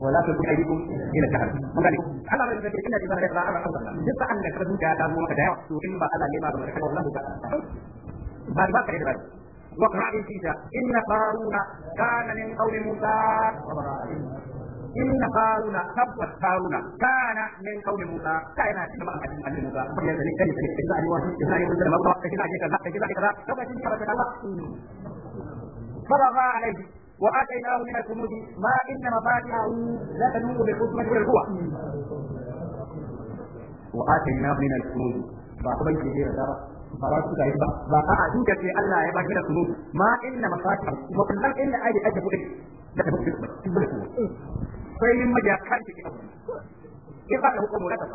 ولا تلقوا ايديكم الى الشهر mun gane Allah bai zai inda ibada ya fara Allah duk sa'an da ka zuciya ta zo maka da yawa to in ba Allah ne ba ba ka wallahi ba ba ba kai da ba وقرأ فيك إن قارون كان من قوم موسى إن قارون تبت قارون كان من قوم موسى كان كما أن موسى فليزني كان يسجد أن يوحي إذا يوحي إذا يوحي إذا يوحي إذا يوحي إذا يوحي إذا يوحي إذا يوحي إذا يوحي وآتيناه من الكنوز ما إن مفاتحه لا تنوء بالعصبة والقوة وآتيناه من الكنوز فأقبل كثير دارا ba za su ga ba ba a duka sai Allah ya baki da kunuz ma inna mafatih wa kullum inda aje aje kudi da ta kudi sai min maja kan ki abu ke ba da hukumu da ba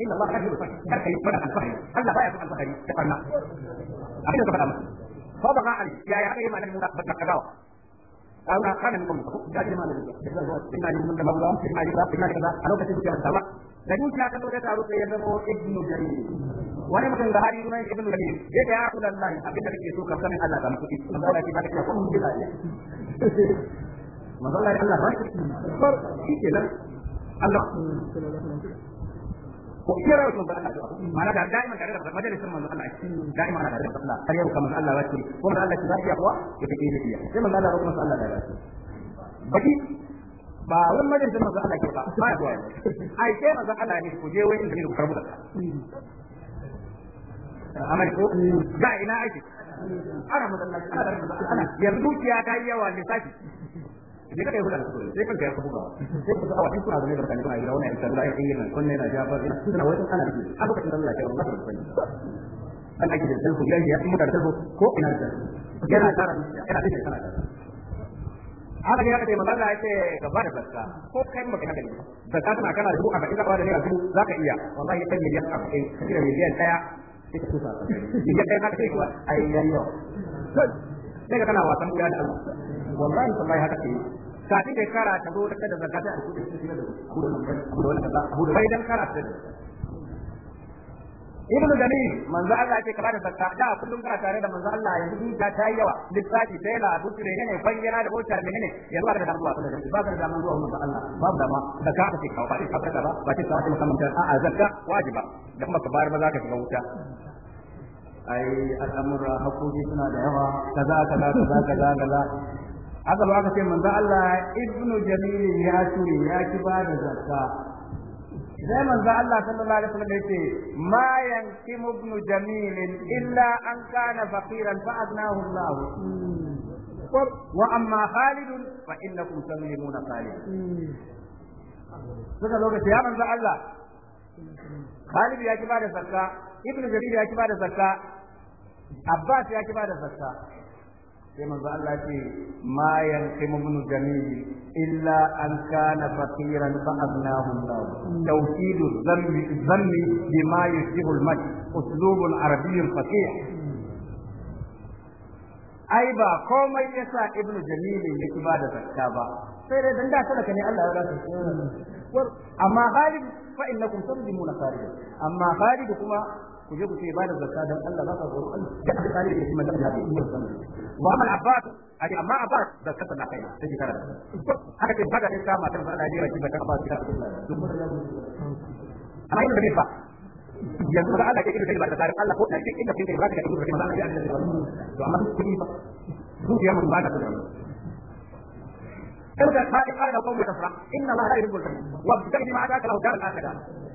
inna Allah kadir fa kar kai fara alfahari Allah baya fa alfahari ta kanna abin da ka faɗa masa fa ba ga ali ya ya kai malamin mu da kaza أو كان منكم قال ما الذي إن من ذنب الله إن من ذنب إن من ذنب أنا كنت في السماء لكن كان كتبت تعرف يدعو ابن جرير wani mutum da hari sunan ibnu jarir ya ta ya kula Allah abin da kake so ka sami Allah ka mutu manzo Allah ya baka kuma mun bila ya manzo Allah ya Allah ba shi ke nan Allah ko kira wasu manzon Allah addu'a ma'ana da daima tare da Allah daima na tare da Allah har yau kamar Allah wace kuwa ya take sai Allah Allah da baki ba Allah ke ba ba ya ai sai Allah ne ku je wani da ku karbu da ko ina ake ana masallaci ana yanzu ya yawa lissafi sai kada yahuda su sai kanka ya buga sai ku awa in kuna zama da kan kuna yi wannan insha Allah ai yana kunne na jafar ina kuna wai ana da abu kan Allah ya Allah ku sani an ake da tanku ya ya kuma da ko ina da yana tsara yana da tsara haka ne haka ce manzo na yace gaba da ko kai maka haka ne zakka tana kana dubu arba'in zaka da naira dubu zaka iya wallahi kai miliyan arba'in kai miliyan daya sai ka tusa miliyan daya haka sai kuwa ai yayi daga kana wasan wuya da Allah wallahi sallahi haka ce kafin kai kara ta zo da a kudi shi da kudi da kudi sai dan kara ta ibnu jamil manzo Allah ke kaba da zakka da kullum kana tare da manzo Allah yanzu da ta yi yawa lissafi sai la dukure ne kwangina da bautar ne ne yanzu ba da damuwa ba da ba da damuwa zuwa manzo Allah babu dama da ka ce kawai ka ta ba ba ce kawai kuma kamar a zakka wajiba da kuma ka bayar ba za ka shiga wuta ai al'amura hakuri suna da yawa kaza kaza kaza kaza aka ba aka ce manzo Allah ibnu jamil ya ce ya ki ba da zakka sai manzo Allah sallallahu alaihi wasallam yace ma yankim ibnu jamil illa an kana faqiran fa aznahu Allah wa amma Khalid fa innakum tusallimuna Khalid saka lokaci ya manzo Allah Khalid ya ki ba da zakka ibnu jamil ya ki ba da zakka Abbas ya ki ba da zakka sai manzo Allah ce ma yanqimu min jamil illa an kana faqiran fa aghnahu Allah tawkidu dhanbi dhanbi bima yusibu al-mat uslub al arabiy al faqih ai ba komai yasa ibnu jamili yake ba da zakka ba sai dai dan da sadaka ne Allah ya ba amma Khalid fa innakum tabdimuna Khalid amma Khalid kuma ku je ku ce ba da zakka dan Allah ba ka zo Allah da ka tsare da kuma da ya yi wannan Muhammad Abbas ake amma Abbas da kasa na kai sai kira haka ke bada ne kama tan fara jira ki baka Abbas amma yin da bai fa yanzu da Allah ke kira da tsarin Allah ko take inda kin da ba ka kira da to amma kun ba zuciya mun ba ta da ارجع قال قوم تفرح ان الله لا يحب الفرح وابتغ بما اتاك له دار الاخره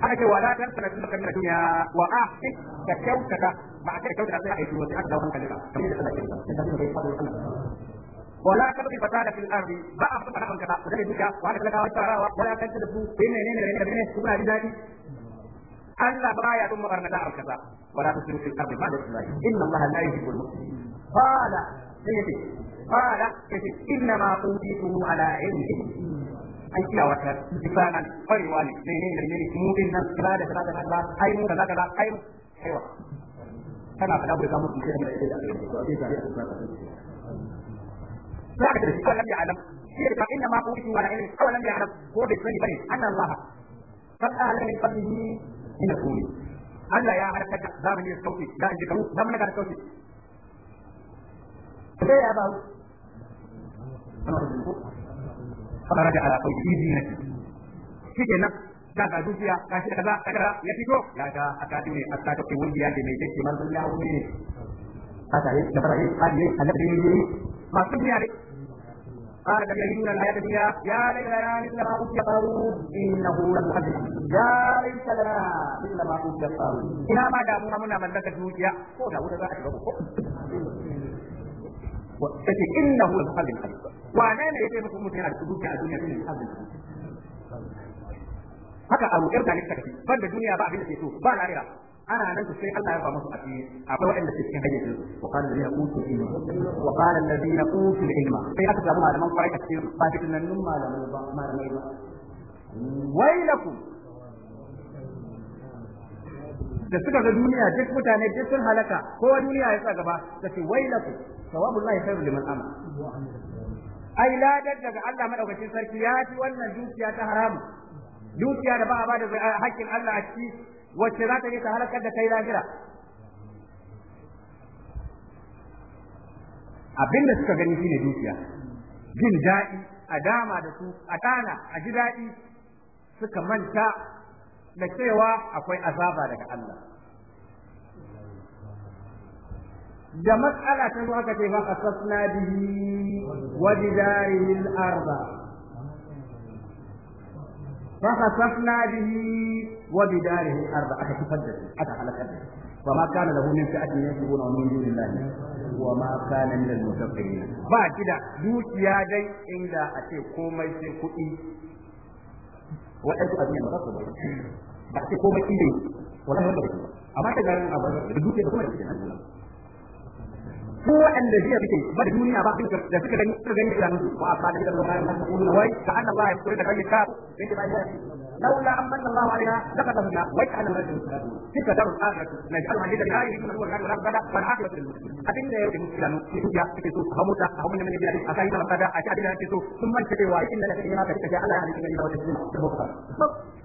aka ce wala tan sana kan dunya wa ahsin ka kyautata ba ka kyautata sai ai wata aka dawo kalma kamar da Allah ke ba sai ka fara Allah ولا تبغي فساد في الارض بقى فساد من كذا ne يدك وانا كذا وترى ولا تنتدب بين نين نين نين كما بذاتي الله بايا ثم قرنا دار كذا ولا تسلك في الارض بعد الله ان الله لا يحب المسلمين قال سيدي قال انما اوتيته على علم an kiya wata bisanan kwarewa ne ne ne ne ne mu din nan kaza da kaza da kaza ai mu kaza kaza ai mu aiwa kana fada bai ga mutum sai da shi za ka tafi kallon ya alam shi da inna ma kuci wa ilmi kallon ya alam ko da sani bane annan Allah fa qala min ina kuni Allah ya harkar da zamani da sauki da inji kamu zamani da sauki sai ya ba fara da alaƙa da izini na shi ke nan za ka dukiya ka shi ka kaza ya fito ya ga a kaji ne a kaji kewar biya da mai jake marar ya wuri ne a kaji da fara yi a biya a na biyu biyu masu biya ne قال النبي صلى الله عليه وسلم يا ليت لنا مثل ما أوتي قارون إنه لمحدث يا ليت لنا مثل ما أوتي قارون إنما دامنا منا من ذاك الجوج يا قول أبو ذاك الجوج take innahu al-halim halim wane ne yake maka mutum yana da a duniya ne halim haka a ruɗar da ne take ban da duniya ba abin da ke so ba lahira ana nan sai Allah ya ba musu a cikin akwai waɗanda ke cikin hayyacin wa qala alladhina utul ilma wa qala alladhina utul ilma sai aka samu malaman kwarai a cikin ba cikin nan malaman ba malamai ba wailakum da suka ga duniya duk mutane duk sun halaka kowa duniya ya sa gaba ta ce wailaku sawabullahi khairu liman amana ai ladar daga Allah madaukakin sarki ya ci wannan dukiya ta haramu dukiya da ba a bada hakkin Allah a ciki wacce za ta yi ta halakar da kai lahira abinda suka gani shine dukiya jin daɗi a dama da su a tana a ji daɗi suka manta da cewa akwai azaba daga Allah da matsala ta zo aka ce fa qasasna bihi wa bidarihi al-arda fa qasasna bihi wa bidarihi al aka kifar da shi aka halakar da shi فما كان له من فئة ينصرون من دون الله وما كان من المنتصرين ba gida. da dukiya dai inda a ce komai sai kuɗi waɗansu abin da ba su ba ba ce komai ilimi wannan wanda ba amma ta gani a ba da duke da kuma da cikin ko waɗanda shi suke ba da duniya ba da suka gani suka gani da musu ba ba da gidan bayan nan ko wai ka anna Allah ya kula da kai ka sai ba ya laula an manna Allah alaina laqad hunna wai ka anna rajul kika a akhiratu na ja'al hadida la yuhibbu man kana rabbana fa akhiratu abin da yake musu da ya kike so ka muta a mun ne da akai da kada a ci abin da kike so sun manta cewa inna laka yana ka kika Allah ya halitta da wata sunna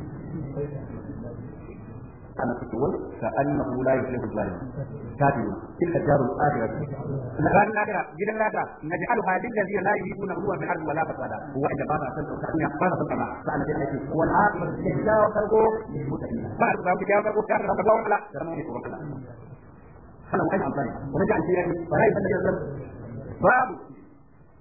ana fi wani ka an yi mafi wulayen fiye da ta fi yi kika jarun tsadira ce na ranar ladara gidan ladara na ji alu halin da zira layi nuna ruwa mai arzuwa lafa tsada kuwa inda ba na san sauka ne ba na san sama ba na jirage kuwa na haka da ke jawo farko ne mutane ba a zuwa mu jawo farko ta rasa kabawa kala da ramar ne kuma kala. Hana wani amfani, wani ji an ce ya yi, ba ya yi ba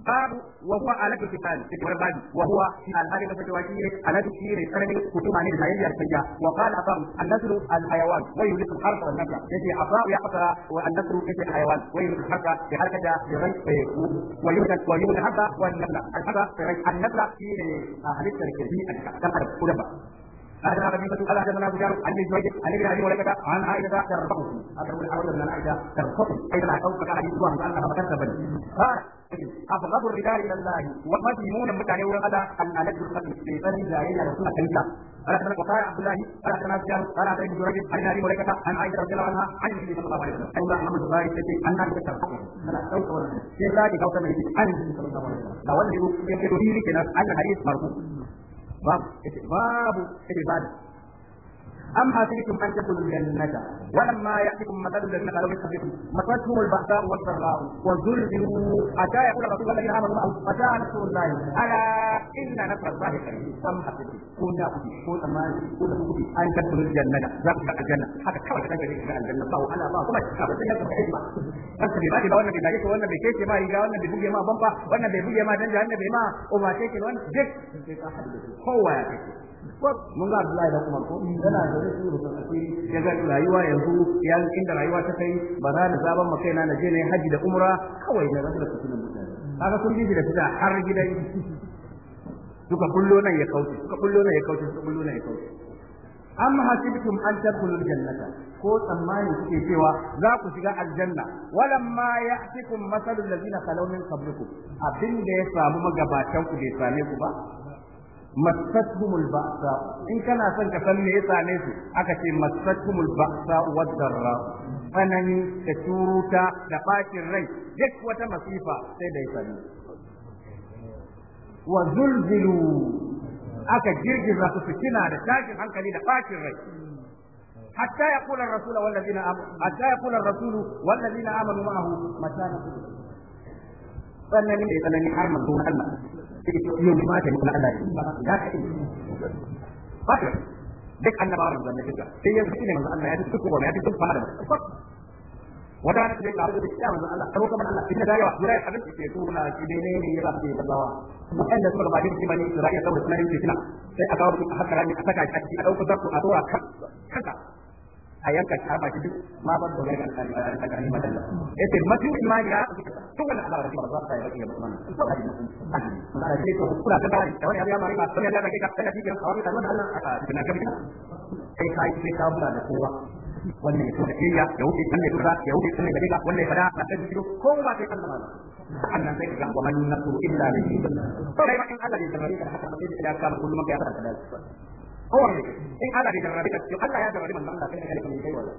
babu wa huwa alaka kitani cikin babu wa huwa shi alhali da fatawa shi ne alaka shi ne tsananin hukuma ne da hayya sayya wa qala an-nasru al-hayawan wa yuliku harfa wa an-nasra yace ya hasara wa an-nasru yace hayawan wa yuliku harfa bi harakata bi rai wa yuliku wa yuliku harfa wa an-nasra al-harfa bi rai an-nasra shi ne ah, halittar kirbi a cikin adam ko da هذا النبي صلى الله عليه وسلم جار عن الزواج عن ابن ابي مليكه عن عائشه ترفقه هذا هو الاول من عائشه ترفقه ايضا اوفى كان حديث الله تعالى ما كتب أبغض الرجال إلى الله ومسلمون متعني وغدا أن ألد الخطر في فن جاهلية رسول الله قال أحمد وقال عبد الله قال أحمد ناس قال أحمد بن جريج عن أبي مليكة عن عائشة رضي الله عنها عن النبي صلى الله عليه وسلم أيضا محمد البخاري تجي أن نعرف الترفقه في ذلك أو كما عن النبي صلى الله عليه وسلم لو أنه يكتب فيه كنا أن الحديث مرفوع Vamos, esse, vamos, ele vai. أم حسبتم أن تدخلوا الجنة ولما يأتكم مثل الذين قالوا من قبلكم مستهم البأساء والضراء وزلزلوا حتى يقول رسول الذين آمنوا معه متى نصر الله ألا إن نصر الله قريب أم حسبتم كنا أبي كنا ما كنا أبي أن تدخلوا الجنة ذاك الجنة حتى كما تدخلوا الجنة الله أنا ما كما كما تدخلوا الجنة kan su bai ba wannan bai dake wannan bai kece ma riga wannan bai buge ma bamba wannan bai buge ma danja wannan bai ma umarce ke wannan duk sai ka haddace kowa ya kake mun ga Abdullahi da Umar ko yana da rashin rufin asiri ya rayuwa yanzu ya inda rayuwa ta kai ba za da sabon makaina na je ne haji da umra kawai na rasu da sunan mutane kaga sun bi da fita har gidan suka kullo nan ya kauce suka kullo nan ya kauce suka kullo nan ya kauce am hasibtum an tadkhulul jannata ko tsammani kuke cewa za ku shiga aljanna walamma ya'tikum masalul ladina khalaw min qablikum abin da ya samu magabatan ku bai same ku ba massatuhumul ba'sa in kana son ka san me ya same aka ce massatuhumul ba'sa wad darra tsanani da turuta da bacin rai duk wata masifa sai da ya same aka girgiza su fitina da tashin hankali da bacin rai حتى يقول الرسول والذين آمنوا حتى يقول الرسول والذين آمنوا معه متى نقول فلن يتلني حرم دون المسجد yin magani na Allah ne da ka yi ba ka duk annabawa manzon ne duka sai yanzu ne manzon Allah ya duk duk ya duk fara da wata ne da Allah Allah karo Allah da yawa ke tuna shi ne ne ya ba suka ba din kimani saboda sunan kina sai aka a haka rani a saka shi a dauka zakku a dora kan a yanka ta ba shi duk ma ba da wani kan madalla ya to rabbi ba ta yake ba mana to ba mu ba da shi to kula ta da wani ya mari ba sai Allah ka kawai da Allah aka tuna ka kai kai ka da kowa wannan ya da kiyya ya wuce kan ya tuka ya wuce kan ya wannan fada ko ba kan mana annan sai ga nasu illa Allah haka sai kullum ka ya هو ne in Allah bai jarrabe ka in Allah ya jarrabe manzon Allah kai kai kai wala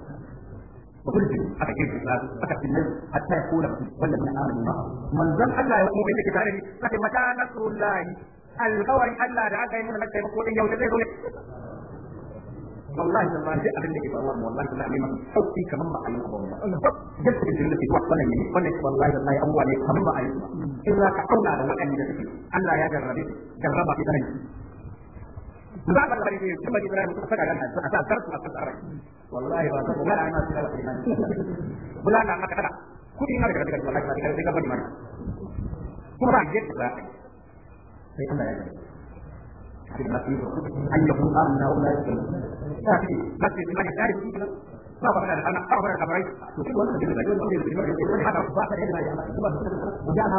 وكل شيء aka kirki sa aka tinne hatta ya kula wanda mun amanu ma manzon Allah ya kuma yake tare ni sai mata nasrullahi alqawari Allah da aka yi mun hakkai ko din yau zai zo ne wallahi da ma duk abin da ke faruwa wallahi da mai maka sauki kaman ba ayyuka ba wallahi gaskiya da ke faruwa wannan ne wannan wallahi da mai abuwa ne kaman ba ayyuka in za ka auna da wadannan da suke Allah ya jarrabe jarraba ki da za ka bari a sa a kan arai kudi na daga daga wallahi ba kuma ka ya ba da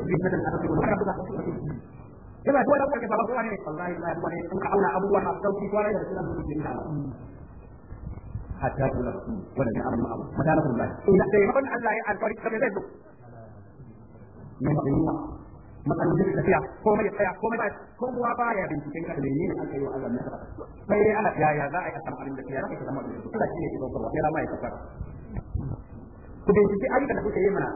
ba ba ba ba yana ko da kuka ba kowa ne wallahi la kuma ne in ka auna abubuwa na sauki kwarai da sunan su jinna hatta kula wannan ne amma abu madana kullu ina dai ban Allah ya alfari kabe zai zo ne ba yiwa matsalolin da tafiya ko mai tsaya ko komai Ko kowa ba ya binciken ka da menene aka yi wa Allah ne sai dai ana yaya za a yi asan abin da ya rafa kamar da Allah shi ne ya dauka wa ya rama ya tsaka ku bincike ayyukan da kuke yi mana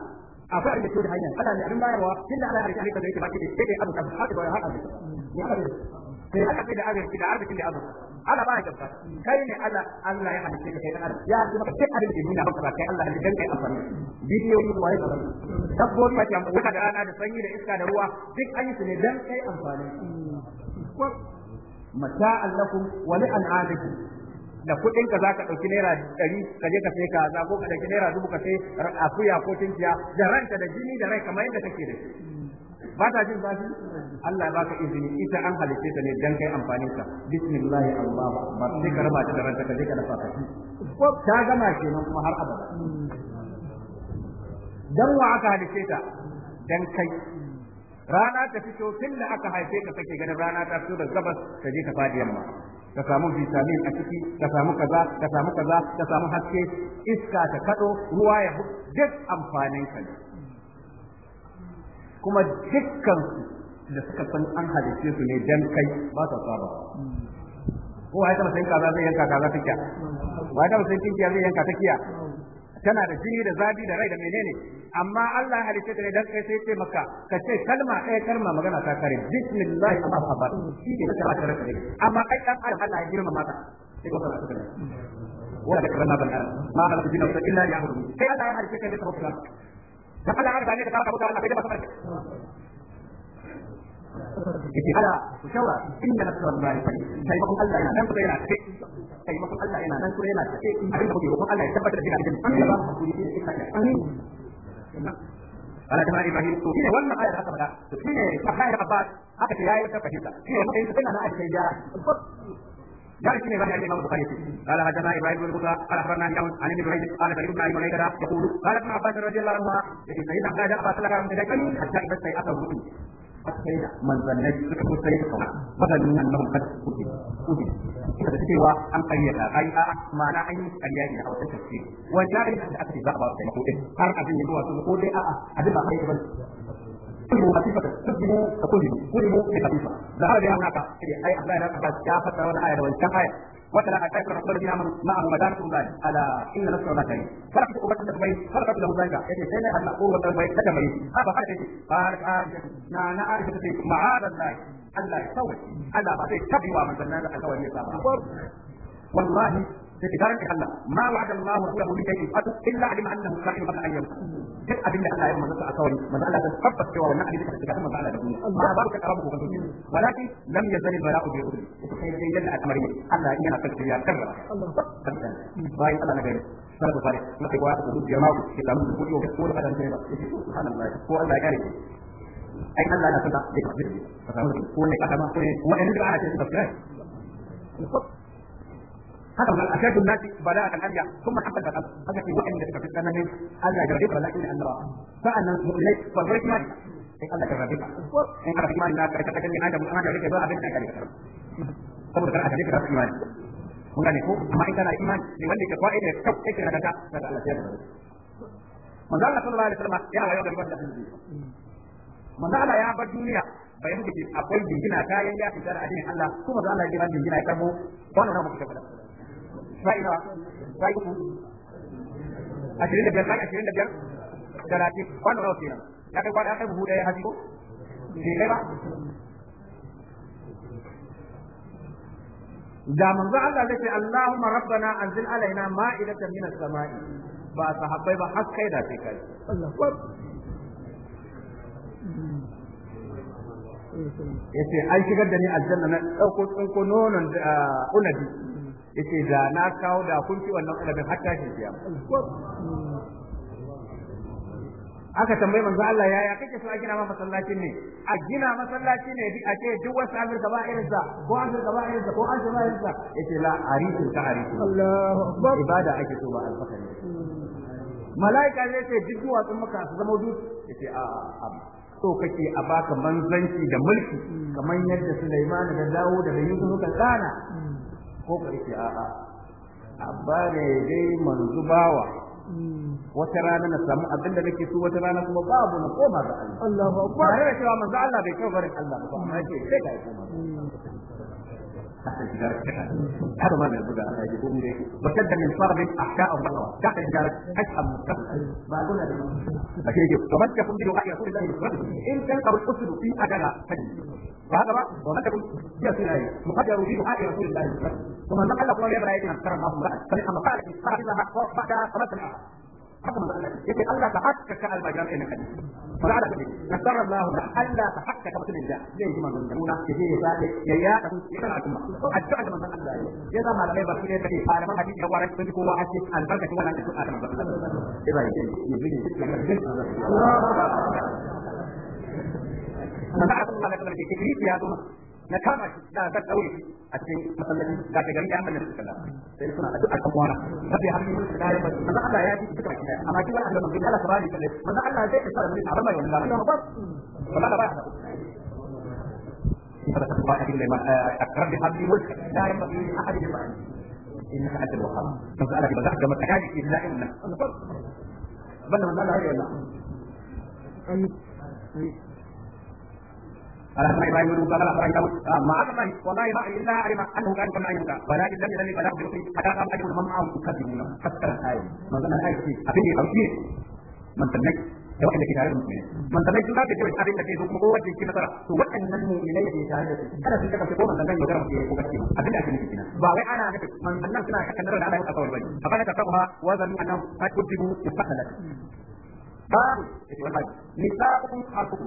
akwai abin da ke da hanya Allah ne abin bayarwa tun da Allah ya rike da yake baki da sai abu kan haka bai haka ya haka sai haka sai da arziki da arzikin da abu Allah ba ya gaba kai ne Allah Allah ya halice ka kai dan adam ya ji maka sai abin da duniya baka kai Allah ne dan kai afani bidiyoyi da waye kaza dabbobi mace amma da rana da sanyi da iska da ruwa duk an yi su ne dan kai amfani mata'an lakum wa li'an'amikum da kudin ka zaka ɗauki naira dari ka je ka sai za ko ka ɗauki naira dubu ka sai akuya ko tinkiya da ranka da jini da rai kamar yadda kake da shi ba ta jin zafi Allah ya baka izini ita an halice ta ne dan kai amfanin ka bismillah Allahu akbar sai ka raba da ranka je ka dafa shi ko ta gama kenan kuma har abada dan wa aka halice ta dan kai rana ta fito tun da aka haife ka kake ganin rana ta fito da gabas ka je ka fadi yamma ka samu vitamin a ciki ka samu kaza ka samu kaza ka samu haske iska ta kado ruwa ya duk amfanin ka kuma dukkan da suka san an halice su ne dan kai ba ta saba ko ai ta sai kaza zai yanka kaza tikiya ba ta taba sai tikiya zai yanka tikiya tana da jini da zabi da rai da menene amma Allah ya halice ta ne dan kai sai ce maka ka ce kalma ɗaya kalma magana ta kare bismillah Allahu akbar shi ne ta kare amma ai dan Allah ya girma maka sai ka fara ولا كرنا بنا ما خلق الجن والانس الا ليعبدون كيف لا يعرف كيف يتوكل فقد عرف ان تبارك وتعالى في بصره yake ala ku shawara inda na tsara bai fani sai Allah yana nan kuma yana tafe sai Allah yana nan kuma yana tafe abin da Allah ya tabbatar da kina ba amin ala jama'a ibrahim to shine wannan ayar haka bada to shine sahaya abbas haka ta yayi ta fahimta shine mutum sai na ajiye ya قال كنا ala الإمام البخاري قال حدثنا إبراهيم بن موسى قال أخبرنا أبي عن ابن بريد قال سعيد بن أبي مليكة يقول قال ابن عباس رضي الله عنهما سيدنا عبد الله عباس لك من حتى إذا استيأسه sai da manzannai suka fi sai da kawo bazanin annabin kan kudi kudi da cewa an kayyada ai a ma'ana an yi karya ne a wata tafsir wani da aka ce za a ba su taimako din har a ya zuwa su ko dai a'a abin ba kai ba كله خفيفة تبدو كله كله خفيفة ظهر لي هناك أي أبدا أنا بس جافة ولا آية ولا كفاية وتلا أتاك رسول الذين آمنوا معه مدارة ذلك ألا إن نصر الله كريم فرقت أبت الدبي فرقت له ذلك يتي سينا أن أقول الدبي تدمي هذا حاجة قالت عائشة نانا عائشة معاذ الله ألا يسوي ألا بعد تبي ومن ذنب الكوارث والله تجارك حلا ما وعد الله رسوله من شيء إلا علم أنه صاحب قبل أن يموت كيف أبين لأن أيام مدرسة أصوري مدرسة تتقبط سوى ومع ذلك تتجاه ما فعل الدنيا ما بارك أرابه في الدنيا ولكن لم يزل البلاء في أذن وتخيل جيدا لأن أمرين ألا إن أنا قلت فيها كرر الله باين ألا نجري سلام صالح نقي واحد وضد يرماه إلا من يقول يوم يقول هذا الجيدا سبحان الله هو ألا يجري أي ألا نتبع لك بذلك فهو نكتب ما قلت وإن نجري على جيدا سبحانه haka ba a shaikun nasi ba da akan hanya kuma haka da haka haka ce da suka fi tsananin Allah ya rabe bala'i da annaba sa'annan mu'minai ba zai kuma in Allah ya rabe ko in ka fi imani ka ta kalle adam an da kake ba abin da kake saboda kana da kake imani mun gane ko amma in kana imani ne wanda ke kwaida ka kake da kaka da Allah ya rabe manzo Allah sallallahu alaihi wasallam ya rayu da wannan manzo Allah ya bar duniya bayan da akwai jingina kayan ya fitar addinin Allah kuma a Allah ya bar jingina ya karbo wannan sa'i nawa sa'i uku ashirin da biyar sa'i ashirin da biyar talatin kwano nawa kenan ya kai kwano, ya kai buhu ɗaya haji ko bai kai ba da manzo Allah zai ce Allahumma rabbana anzil alaina ma'idatan min as-sama'i ba sahabbai ba haske kai da sai kai yace an shigar da ni aljanna na dauko tsinko nonon ah, unabi yace da na kawo da kun fi wannan ilimin hatta shi kiyama aka tambayi manzo Allah yaya kake so a gina ma masallacin ne a gina masallaci ne a ce duk wasu amir gaba irinsa ko amir gaba irinsa ko amir gaba irinsa yace la arifin ka arifin Allahu ibada ake so ba alfakari malaika zai ce duk duwatsun maka su zama duk yace a a so kake a baka manzanci da mulki kamar yadda Sulaiman da Dawud da Yusuf suka tsana ko ka a'a abba ne dai manzu bawa wata rana na samu abin da nake so wata rana kuma babu na koma ga Allah Allahu akbar ba da cewa manzo Allah bai kai barin Allah ba sai ka yi koma akan shigar kaka har ma mai buga Allah ya gode ne ba ta da min farbi ahka Allah ba ta kai shigar kaka ba gona da ba ke ke to baka kun dido a ya kullu da in kan ka usudu fi adala kai ba ga ba ba ta kun ya sai ai mu hadaru fi a ya kullu da kuma nan Allah kuma ya bara yake nan karama ba kai amma ka ta ba ba ta kuma ta yake Allah ka haskaka almajiran ɗin hadisi ba da kake nasara Allah da Allah ka haskaka mutumin da zai ji manzon da nuna yaje ya zabe ya ya ta kuma yana kuma addu'a da manzon Allah ya zama malamai ba su ne take fara man hadisi da waran sun kowa a cikin albarkacin wannan addu'a da manzon Allah ya zai yi yi Allah Allah ya tsare ki ya zo na kama shi da ga tsauri a cikin masallaci da ta gari amma nan suka da sai suna addu'a ta kwana sai har mun da ya manzo Allah ya ji suka kira amma kin Allah manzo Allah sabani kalle manzo Allah zai tsara mun arama ya Allah ba wala ba فلا تقرأ إلا أقرب حبي وجهك لا ينبغي لأحد يفعل إنك أنت الوهاب فسألك بدأت كما تحاجك إلا إنك بل من لا يعلم قال حدثنا ابراهيم بن قال اخبرني داود ما اعلم والله ما الا اعلم انه كان كما يمكن ولكن لم يدل فلا بلقي حتى قام اجر من معه يكذبون فسر الايه ما زال الايه في ابي اوكي من تنك da wanda ke tare da musulmi man da duk da ke abin da ke zo kuma kowace ke nasara to waɗannan mu'minai ke tare da su kada su kafa ko manzon dan yaudara ke ko gaske abin da ake nufi kenan ba wai ana nufi manzon nan suna kakan da Allah ya kafa wani abana ta kafa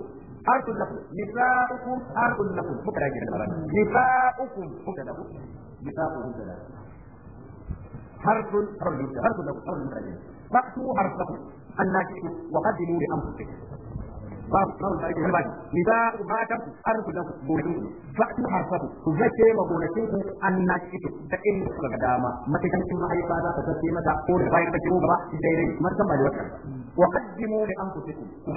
harsun lakum nisa'ukum harsun lakum muka dage da barana nisa'ukum muka dage nisa'ukum da harsun harsun lakum harsun lakum harsun lakum fa'tu harsakum annaki wa qaddimu li babu babu da ake wani baki nisa'u da gonakin ku fa'tu harfatu ku zace ma gonakin ku annashitu da in suka ga dama matakan kin mahaifa za ta tafi mata ko da bayan kake ko gaba daidai matan ba da wata wa qaddimu li anfusikum ku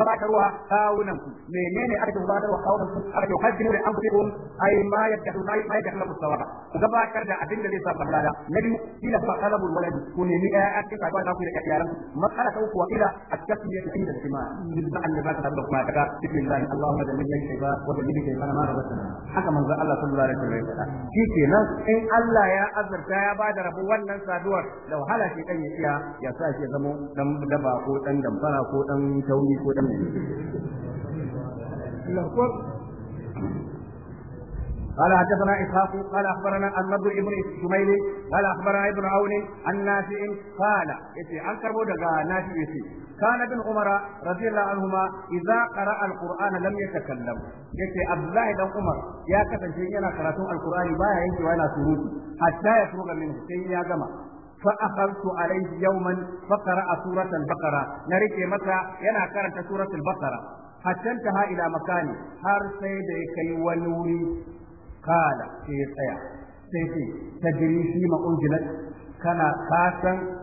kawunan ku menene aka gabatarwa kawunan ku aka qaddimu li anfusikum ay ma yaddahu ma yaddahu ku sawaba ku da abin da zai sa balada na biyu ila fa qalabul walad ku nemi a ka ba ku da yaran masala ku wa ila at-tasmiyatu inda al-jama'a bil ba'd da ba ta da cikin ما تكا بسم الله اللهم جنبنا الشيطان وجنبنا mana ما رزقنا haka manzo Allah sallallahu alaihi wasallam ya faɗa shikenan in Allah ya azurta ya ba da rabu wannan saduwar da wahala shi dan ya ya sa shi zama dan daba ko dan damfara ko dan tauni ko dan قال حدثنا اسحاق قال اخبرنا النضر ابن شميل قال اخبرنا ابن عون عن نافع قال يتي عن كربو دغا نافع كان ابن عمر رضي الله عنهما إذا قرأ القرآن لم يتكلم يتي عبد الله بن عمر يا كفن جينا قرأتم القرآن ما ينجي ولا سرود حتى يفرغ منه سيدنا جمع فأخذت عليه يوما فقرأ سورة البقرة نريك متى ينا كرنت سورة البقرة حتى انتهى إلى مكانه هر سيد كي ونوري قال سيد سيد تجري فيما أنزلت كان كاسا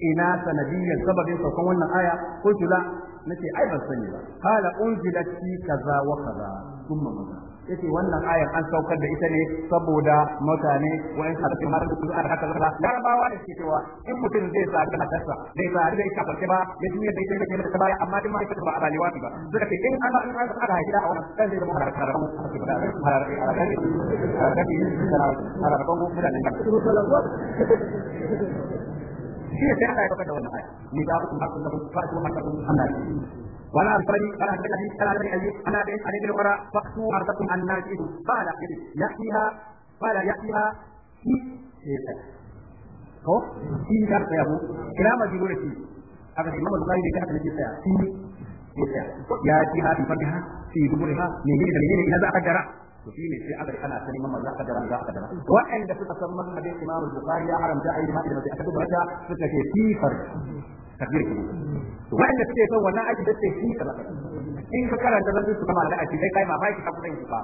ina sanadiyyar sababin saukan wannan aya ko la nace ai ban sani ba qala unzilat fi kaza wa kaza thumma maza yace wannan aya an saukar da ita ne saboda mutane wa'in harfi har da kuma haka kaza larabawa ne ke cewa in mutum zai sadu da kasa zai sadu da ita farke ba ya duniya da ita da ta amma din ma ba a balewa ba zaka ce in an an aka haƙi da wannan kan zai zama harkar da kuma harkar da harkar da harkar da harkar da harkar shi ne sai Allah ya faɗa wannan aya ni da ku hakku lakum fa'tu hakku annas ولا أرسلني ولا أرسلني ولا أرسلني أنا بين أن يجري وراء فأتوا أرضكم أن ناجئوا قال يأتيها قال يأتيها ko shi da ka yabo kira ma jiro shi aka imamu bukhari da kaka nake tsaya shi ya ji hadi fadiha fi duburiha ne ne da ne ina za a kaddara to shine sai aka kana ta neman maza ka dara za ka daren wa'anda suka san mazhabin Imam Bukhari ya haramta ayi ma da aka duba ta suka ce fi farji takbir kuma to wa'anda suke son wannan aiki da take fi kaza in ka karanta nan su kuma da aiki sai kai mamaki ka kudin ki ba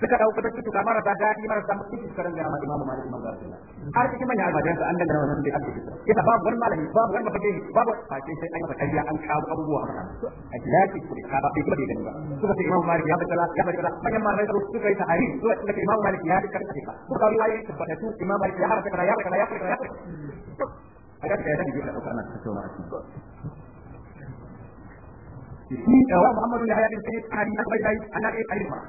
suka dauko take tuka mara ba dadi mara sa mutunci suka dangana ma imamu malik imam rasulullah har cikin manyan almajiran sa an dangana wannan da ake kisa babu wani malami babu wani mafaje babu fakin sai an yi an kawo abubuwa a lati ku da ba bai kuma da gani ba suka ce imamu malik ya bakala ya bakala manyan malamai su suka yi tahari suka ce imamu malik ya bakala suka riwaye tabbatu imamu malik ya bakala ya bakala ya bakala ya a ga ta yi da ɗaukar nan tattauna a cikin shi eh, wa Muhammadu ya hayar da kai kari na bai dai ana kai kai ma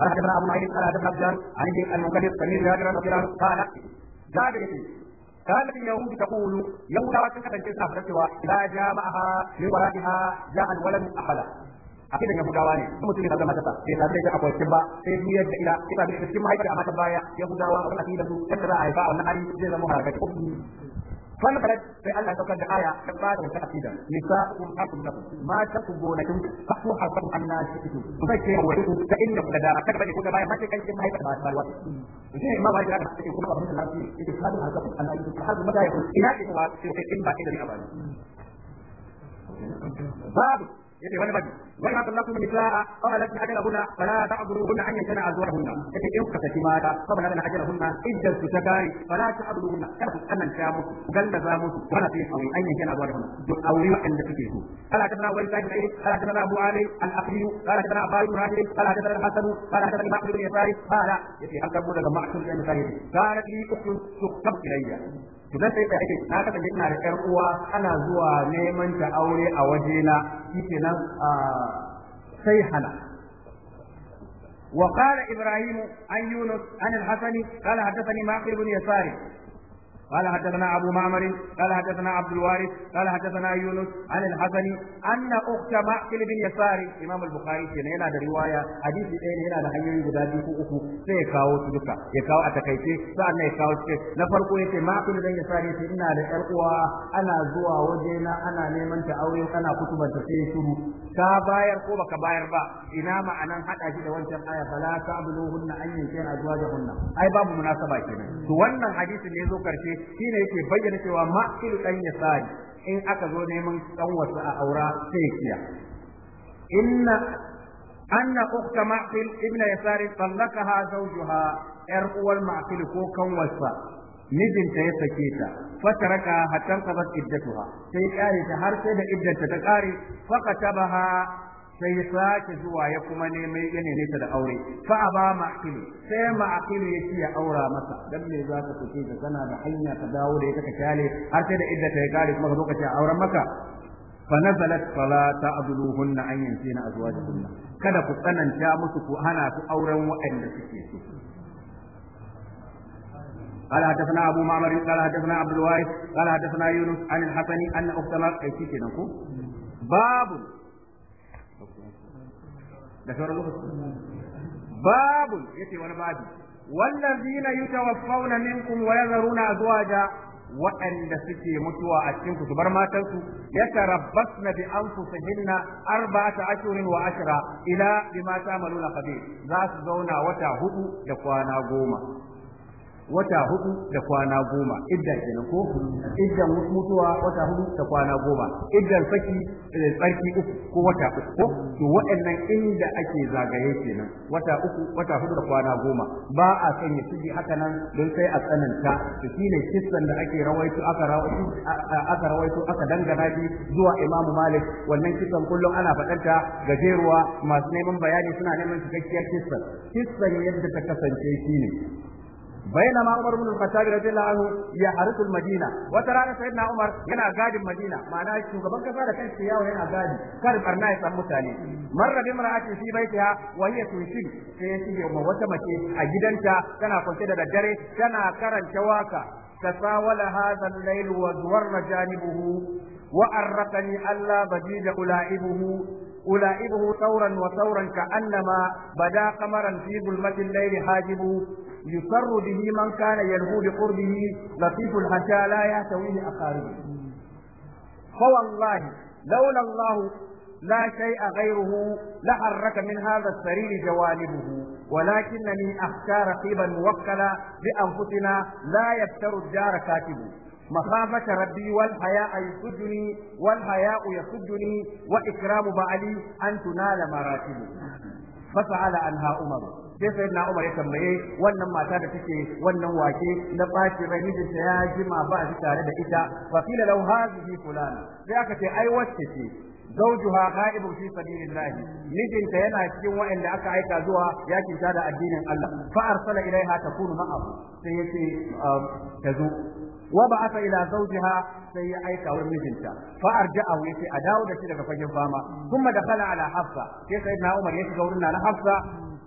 قال حدثنا ابو معين قال حدثنا عبدان عن ابن المنكدر سمير جابر رضي الله عنه قال جابر كانت اليهود تقول يوم a ان تنسى فتوى اذا جامعها من ورائها جاء الولد احدا akidan yahudawa ne kuma mutum ya zama ta sai ta sai akwai kin ba sai duniyar da ila ita da cikin mahaifa a mata baya yahudawa a kan akidan su yadda za a haifa wannan hali zai zama harkar wannan farat sai Allah ya saukar da aya ta ba da wata akida nisa kun haku da ku ma ta ku gona kun ba ku haku an na shi ku ku sai ke wa ku ta inda ku da a ka bane ku da baya ma kai kai mai ba ba wa ku sai ma ba da ku kuma ba mun da shi ku ka da haku an na shi ku haku ma da ku ina ki ba ku sai in ba ki da ni ba ba yake wani babi wani ma sallatu min nisaa qalat bi ajalahunna fala ta'buduhunna an yantana azwajuhunna yake in kuka saki mata saboda na ajalahunna idan su ta kai fala ta'buduhunna kada ku kannan ta musu galla za musu wala sai aure an yantana azwajuhunna duk aure wanda suke so ala kana wani sai sai ala kana abu ali al aqli ala kana abai muradi ala kana hasan ala kana ma'bud bin yasari ala yake an karbo daga ma'bud bin yasari kana li ukhtun tuqtab ilayya to sai da ake na kada ina da uwa ana zuwa neman ta aure a waje na kenan a sai hana wa qala ibrahim an yunus an al-hasani qala hadathani maqir bin yasari قال حدثنا أبو معمر قال حدثنا عبد الوارث قال حدثنا يونس عن الحسن أن أخت مأكل بن يسار إمام البخاري كان هنا رواية حديث إيه هنا ده حيوي guda biyu ko uku sai ya kawo su duka ya kawo a takaice sa'annan ya kawo shi na farko ya ma'kul dan yasar yace ina da yar uwa ana zuwa waje na ana neman ta aure kana kutuban ta sai shiru Ta bayar ko baka bayar ba ina ma'anan haɗa shi da wancan aya fala ta'buduhunna an yankina azwajahunna ai babu munasaba kenan to wannan hadisin ne zo karshe shine yake bayyana cewa ma'il dan yasari in aka zo neman dan wasu a aura sai kiya inna anna ukhta ma'il ibn yasari tallaqaha zawjuha yar uwar ma'il ko kan wasa mijinta ya sake ta fataraka hatta qadat iddatuha sai kare ta har sai da iddanta ta kare katabaha sai ya sake zuwa ya kuma neman ya neme da aure fa aba ma'qilu sai ma'qilu yake ya aura masa dan me za ka fice da kana da hanya ka dawo da ita ka kyale har sai da idda ta ya kare kuma ka zo ka ce auren maka fa nazalat fala abduhunna an yansina azwajuhunna kada ku tsananta musu ku hana su auren waɗanda suke so قال حدثنا ابو معمر قال حدثنا عبد الوارث قال حدثنا يونس عن الحسن ان اخت باب da sauran lokaci babun yace wani babu wallazina yutawaffawna minkum wa zuwa azwaja waɗanda suke mutuwa a cikin su bar matansu ya tarabbasna bi arba ta ashirin wa ashira, ila mata ta'maluna qadir za su zauna wata hudu da kwana goma wata hudu da kwana goma idda kenan ko idda mutuwa wata hudu da kwana goma idda saki eh, tsarki uku ko wata uku ko to waɗannan inda ake zagaye kenan wata uku wata hudu da kwana goma ba a san ya shige haka nan don sai a tsananta to shine kissan da ake rawaito aka rawaito aka rawaito aka dangana shi zuwa Imam Malik wannan kissan kullum ana faɗanta gajeruwa masu neman bayani suna neman cikakkiyar kissan kissan yadda ta kasance shine بينما عمر بن الخطاب رضي الله عنه يحرس المدينة وترى سيدنا عمر ينا قاد المدينة معناه شغبان كفارة كان سياو ينا قاد كان برنا يسمو تاني مر بامرأة في بيتها وهي تنشد سيسي يوم وتمشي أجدنتا كان قلت دجري كان كرن شواكا تساول هذا الليل وزور جانبه وأرقني ألا بجيج ألائبه ألائبه ثورا وثورا كأنما بدا قمرا في ظلمة الليل حاجبه يسر به من كان يلهو بقربه لطيف حتى لا يهتويه أقاربه فوالله لولا الله لا شيء غيره لحرك من هذا السرير جوانبه ولكنني أخشى رقيبا موكلا بأنفسنا لا يفتر الدار كاتبه مخافة ربي والحياء يسجني والحياء يسجني وإكرام بعلي أن تنال مراتبه فسأل عنها أمر sai sai na Umar ya tambaye wannan mata da take wannan wake na baci rai mijinta ya jima ba shi tare da ita fa qila law hadhihi fulana sai aka ce ai wacce ce zaujuha ghaibun fi sabilillah mijinta yana cikin waɗanda aka aika zuwa yakin da addinin Allah fa arsala ilaiha takunu ma'ahu sai yace ta zo وبعث الى زوجها sai ya aika wurin mijinta Fa'ar arja'a wa yace a dawo da shi daga fagen fama kuma da kala ala hafsa sai sai na umar ya na hafsa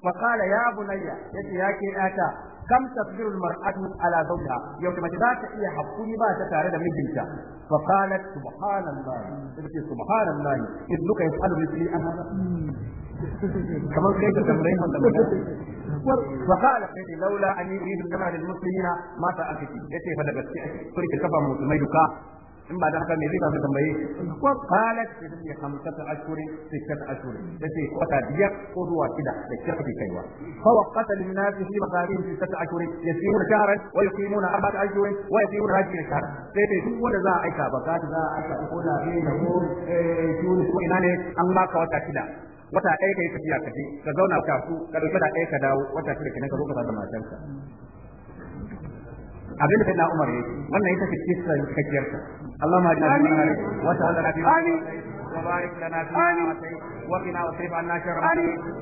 فقال يا بني يتي يا كي آتا كم تصبر المرأة على زوجها يوم ما تبات إيه حقوني ما تتعرض من جنتا فقالت سبحان الله سبحان الله إذ لك يسأل مثلي أنا kamar kai da tambayin wanda wa qala sayyidi laula an yuridu kama lil muslimina ma ta akati yace fa da gaske kurki kafa musulmai in ba da haka me zai ka tambaye ko ce ta qalat ya khamsata ashhurin sittata ashhurin yace kwata biyar ko zuwa shida da kirki kaiwa da fa waqata lin nas fi masarin sittata ashhurin yasiruna shahran wa yuqimuna arba'ata ashhurin wa hajji hajjin shahr sai dai duk wanda za a aika ba za a aika ko da ne ko eh ko ina ne an baka wata shida wata ɗaya ka yi tafiya ka je ka zauna ka su ka ɗauki da ɗaya ka dawo wata shida kenan ka zo ka da matarka abin da na umar yake wannan ita kisa ta Allah ma ji wa ta'ala na amin wa barik lana fi وقنا واصرف عنا شر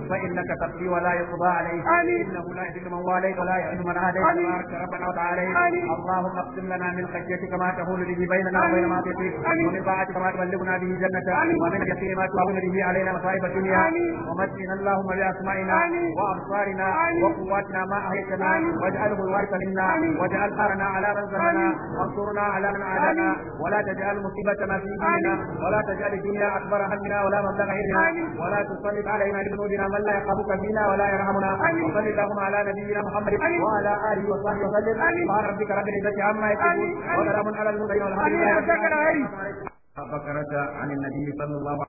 فانك تقضي ولا يقضى عليك انه لا يهدي من واليت ولا يهدي من عاديت تبارك ربنا وتعالى اللهم اقسم لنا من خشيتك ما تهول به بيننا وبين ما تطيق ومن طاعتك ما تبلغنا به جنتك ومن يقين ما تهون به علينا مصائب الدنيا ومتنا اللهم باسمائنا وابصارنا وقواتنا ما اهيتنا واجعله الوارث منا واجعل ثارنا على من زرنا وانصرنا على من عادانا ولا تجعل مصيبتنا في ديننا ولا تجعل الدنيا اكبر همنا ولا مبلغ علمنا ولا تصلب علينا بذنوبنا من لا يخافك فينا ولا يرحمنا وصل اللهم على نبينا محمد وعلى اله وصحبه وسلم سبحان ربك رب العزه عما يصفون وسلام على المرسلين والحمد لله بكرة عن النبي صلى الله عليه وسلم